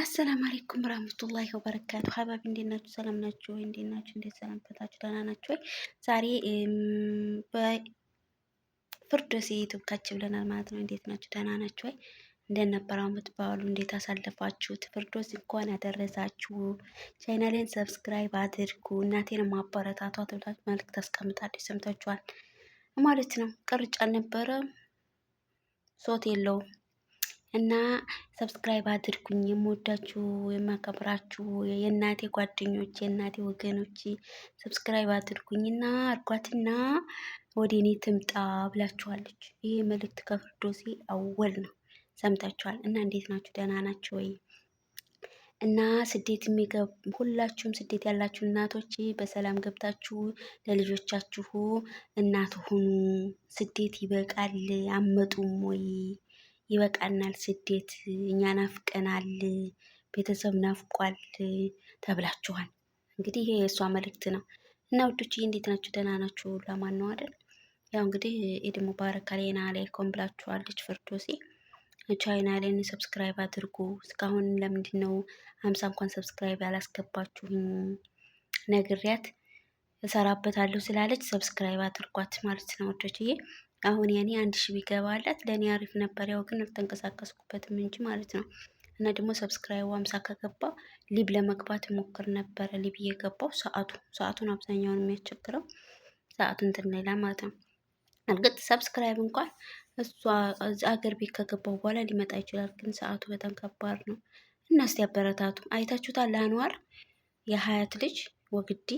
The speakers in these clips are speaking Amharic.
አሰላም አለይኩም ረህመቱላሂ ወበረካቱ። ሀባቢ እንዴት ናችሁ? ሰላም ናችሁ ወይ? እንዴት ናችሁ? እንዴት ሰላም ደህና ናችሁ ወይ? ዛሬ በፍርዶስ ዩቲዩብ ካች ብለናል ማለት ነው። እንዴት ናችሁ? ደህና ናችሁ ወይ? እንደት ነበር አመት በዓሉ? እንዴት አሳለፋችሁት? ፍርዶስ እንኳን ያደረሳችሁ። ቻናሌን ሰብስክራይብ አድርጉ፣ እናቴን ማበረታቷ ብላችሁ መልዕክት ታስቀምጣለች ሰምታችኋል ማለት ነው። ቅርጫ አልነበረ ሶት የለውም እና ሰብስክራይብ አድርጉኝ። የምወዳችሁ የማከብራችሁ የእናቴ ጓደኞች የእናቴ ወገኖች ሰብስክራይብ አድርጉኝና አድርጓትና ወደ እኔ ትምጣ ብላችኋለች። ይሄ መልእክት ከፍርዶሴ አወል ነው። ሰምታችኋል። እና እንዴት ናችሁ? ደህና ናችሁ ወይ? እና ስደት የሚገብ ሁላችሁም ስደት ያላችሁ እናቶች በሰላም ገብታችሁ ለልጆቻችሁ እናት ሁኑ። ስደት ይበቃል። አመጡም ወይ ይበቃናል ስደት፣ እኛ ናፍቀናል፣ ቤተሰብ ናፍቋል ተብላችኋል። እንግዲህ ይሄ የእሷ መልእክት ነው እና ውዶችዬ እንዴት ናችሁ? ደህና ናችሁ? ለማን ነው አይደል? ያው እንግዲህ ኢድ ሙባረክ አለይና አለይኩም ብላችኋለች ፍርዶሴ። ላይን ሰብስክራይብ አድርጉ። እስካሁን ለምንድን ነው ሀምሳ እንኳን ሰብስክራይብ ያላስገባችሁኝ? ነግሪያት እሰራበታለሁ ስላለች ሰብስክራይብ አድርጓት ማለት ነው ወዳጆቼ። አሁን የኔ አንድ ሺህ ቢገባላት ለእኔ አሪፍ ነበር። ያው ግን አልተንቀሳቀስኩበትም እንጂ ማለት ነው። እና ደግሞ ሰብስክራይቡ አምሳ ከገባ ሊብ ለመግባት ሞክር ነበረ። ሊብ እየገባው ሰዓቱ ሰዓቱን አብዛኛውን የሚያስቸግረው ሰዓቱ እንትን ሌላ ማለት ነው። እርግጥ ሰብስክራይብ እንኳን እሱ አገር ቤት ከገባው በኋላ ሊመጣ ይችላል። ግን ሰዓቱ በጣም ከባድ ነው። እና እስቲ አበረታቱ። አይታችሁታል ለአንዋር የሀያት ልጅ ወግዲ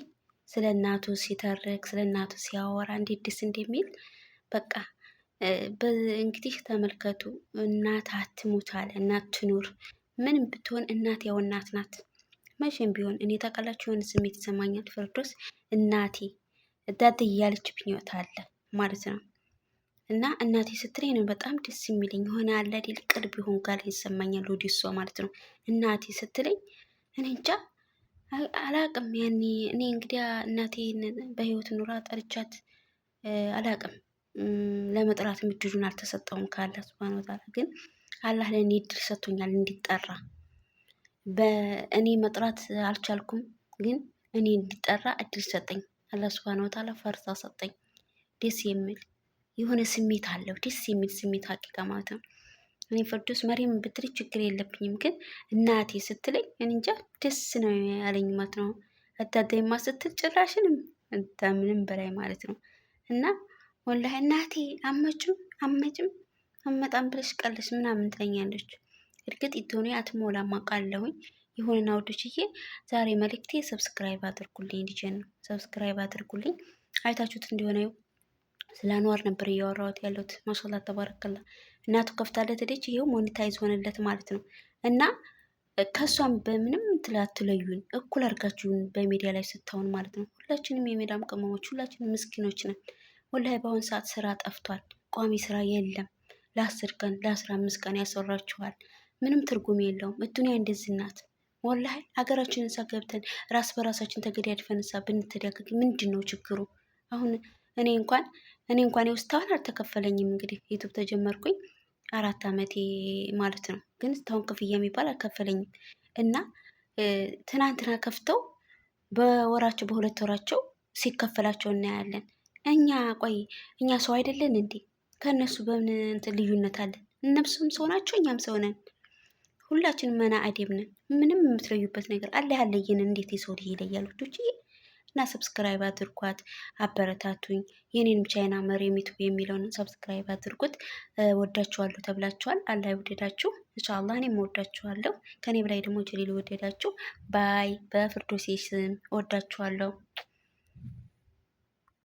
ስለ እናቱ ሲተርክ ስለ እናቱ ሲያወራ እንዴት ደስ እንደሚል በቃ እንግዲህ ተመልከቱ። እናት አትሙት አለ እናት ትኑር። ምንም ብትሆን እናት ያው እናት ናት። መቼም ቢሆን እኔ ታውቃላችሁ የሆነ ስሜት ይሰማኛል። ፍርዶስ እናቴ እዳት እያለች ብኝወት አለ ማለት ነው። እና እናቴ ስትለኝ ነው በጣም ደስ የሚለኝ የሆነ አለ አይደል ቅርብ ይሆን ጋር ይሰማኛል። ወደ ማለት ነው። እናቴ ስትለኝ እኔ እንጃ አላቅም። ያኔ እኔ እንግዲያ እናቴን በህይወት ኑራ ጠርቻት አላቅም። ለመጥራት እድሉን አልተሰጠውም ከአላህ ሱብሃነሁ ወተዓላ። ግን አላህ ለእኔ እድል ሰጥቶኛል እንዲጠራ። በእኔ መጥራት አልቻልኩም፣ ግን እኔ እንዲጠራ እድል ሰጠኝ አላህ ሱብሃነሁ ወተዓላ። ፈርሳ ሰጠኝ። ደስ የሚል የሆነ ስሜት አለው፣ ደስ የሚል ስሜት ሀቂቃ ማለት ነው። እኔ ፈርዶስ መሪም ብትል ችግር የለብኝም፣ ግን እናቴ ስትለኝ እንጃ ደስ ነው ያለኝ ማለት ነው። አዳዳይማ ስትል ጭራሽንም ምንም በላይ ማለት ነው እና ወላሂ እናቴ አመችም አመጭም አመጣም ብለሽ ቀልሽ ምናምን ትለኛለች። እርግጥ ኢቶኔ አትሞላም አውቃለሁኝ። ይሁንና ውዶችዬ ዛሬ መልእክቴ ሰብስክራይብ አድርጉልኝ፣ ልጄ ነው ሰብስክራይብ አድርጉልኝ። አይታችሁት እንዲሆነ ስለ አንዋር ነበር እያወራሁት ያለሁት። ማሻላ ተባረከላ እናቱ ከፍታለት ሄደች። ይሄው ሞኔታይዝ ሆነለት ማለት ነው እና ከእሷም በምንም ትላትለዩን እኩል አድርጋችሁን በሚዲያ ላይ ስታውን ማለት ነው። ሁላችንም የሜዳም ቅመሞች ሁላችንም ምስኪኖች ነን። ወላሂ በአሁን ሰዓት ስራ ጠፍቷል። ቋሚ ስራ የለም። ለአስር ቀን ለአስራ አምስት ቀን ያሰራችኋል። ምንም ትርጉም የለውም። እቱን እንደዚህ ናት። ወላሂ ሀገራችንን ገብተን ራስ በራሳችን ተገዳድፈን እሳ ብንተዳገግ ምንድን ነው ችግሩ? አሁን እኔ እንኳን እኔ እንኳን የውስታውን አልተከፈለኝም። እንግዲህ ዩቱብ ተጀመርኩኝ አራት አመቴ ማለት ነው። ግን እስታሁን ክፍያ የሚባል አልከፈለኝም። እና ትናንትና ከፍተው በወራቸው በሁለት ወራቸው ሲከፈላቸው እናያለን። እኛ ቆይ እኛ ሰው አይደለን እንዴ? ከእነሱ በምን እንትን ልዩነት አለን? እነሱም ሰው ናቸው፣ እኛም ሰው ነን። ሁላችንም መና አዴም ነን። ምንም የምትለዩበት ነገር አለ ያለየን። እንዴት የሰው ልጅ ይለያል? ውዶች እና ሰብስክራይብ አድርጓት፣ አበረታቱኝ። የኔንም ቻይና መሪ ዩቱብ የሚለውን ሰብስክራይብ አድርጉት። ወዳችኋለሁ ተብላችኋል። አላህ ይውደዳችሁ። ኢንሻአላህ እኔም ወዳችኋለሁ። ከኔ በላይ ደግሞ ጀሌል ወደዳችሁ። ባይ በፍርዶሴ ስም ወዳችኋለሁ።